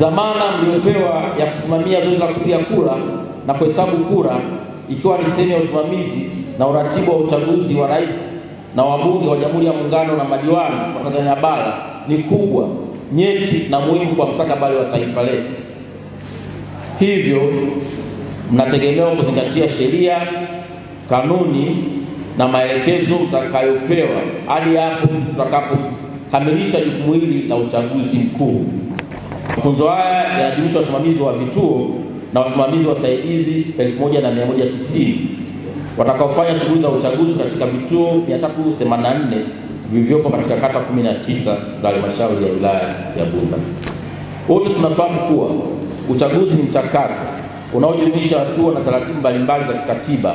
zamana mliopewa ya kusimamia zoezi la kupiga kura na kuhesabu kura, ikiwa ni sehemu ya usimamizi na uratibu wa uchaguzi wa rais na wabunge wa Jamhuri ya Muungano na madiwani wa Tanzania Bara ni kubwa, nyeti na muhimu kwa mstakabali wa taifa letu. Hivyo mnategemewa kuzingatia sheria, kanuni na maelekezo mtakayopewa hadi hapo tutakapokamilisha jukumu hili la uchaguzi mkuu. Mafunzo haya yanajumuisha wasimamizi wa vituo na wasimamizi wasaidizi 1190 watakaofanya shughuli za uchaguzi katika vituo 384 vilivyopo katika kata 19 za halmashauri ya wilaya ya Bunda. Wote tunafahamu kuwa uchaguzi ni mchakato unaojumuisha hatua na taratibu mbalimbali za kikatiba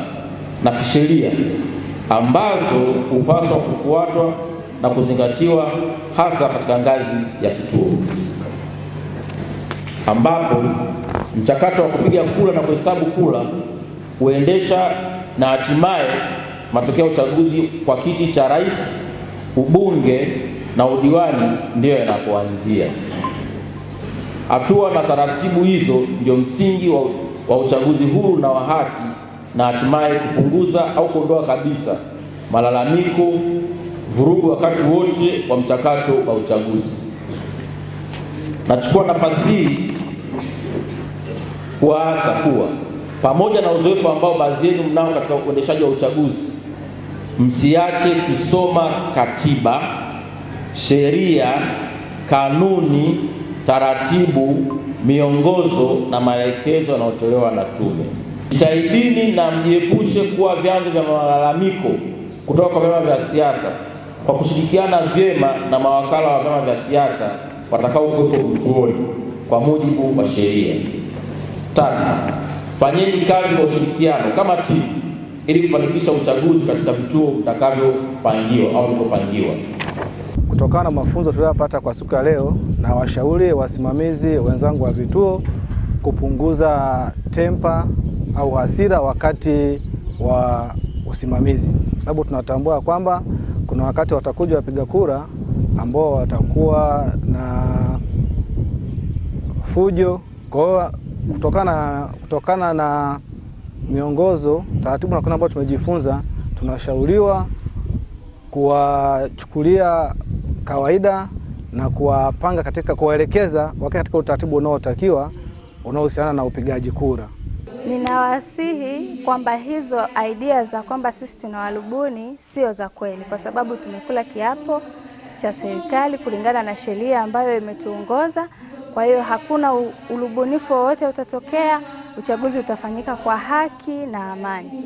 na kisheria ambazo hupaswa kufuatwa na kuzingatiwa hasa katika ngazi ya kituo ambapo mchakato wa kupiga kura na kuhesabu kura huendesha na hatimaye matokeo ya uchaguzi kwa kiti cha rais, ubunge na udiwani ndiyo yanapoanzia. Hatua na taratibu hizo ndio msingi wa, wa uchaguzi huru na wa haki na hatimaye kupunguza au kuondoa kabisa malalamiko, vurugu wakati wote wa mchakato wa uchaguzi. Nachukua nafasi hii kuwaasa kuwa pamoja na uzoefu ambao baadhi yenu mnao katika uendeshaji wa uchaguzi, msiache kusoma katiba, sheria, kanuni, taratibu, miongozo na maelekezo yanayotolewa na Tume. Jitahidini na mjiepushe kuwa vyanzo vya malalamiko kutoka kwa vyama vya siasa kwa kushirikiana vyema na mawakala wa vyama vya siasa watakaokuwepo vituoni kwa mujibu wa sheria. Tatu, fanyeni kazi kwa ushirikiano kama timu ili kufanikisha uchaguzi katika vituo vitakavyopangiwa au vilivyopangiwa. Kutokana na mafunzo tuliyopata kwa siku ya leo, na washauri wasimamizi wenzangu wa vituo kupunguza tempa au hasira wakati wa usimamizi, kwa sababu tunatambua kwamba kuna wakati watakuja wapiga kura ambao watakuwa na fujo kwa hiyo kutokana, kutokana na miongozo, taratibu na kuna ambayo tumejifunza, tunashauriwa kuwachukulia kawaida na kuwapanga katika kuwaelekeza wakiwa katika utaratibu unaotakiwa unaohusiana na upigaji kura. Ninawasihi kwamba hizo idea za kwamba sisi tunawarubuni sio za kweli, kwa sababu tumekula kiapo cha serikali kulingana na sheria ambayo imetuongoza. Kwa hiyo hakuna ulubunifu wowote utatokea, uchaguzi utafanyika kwa haki na amani.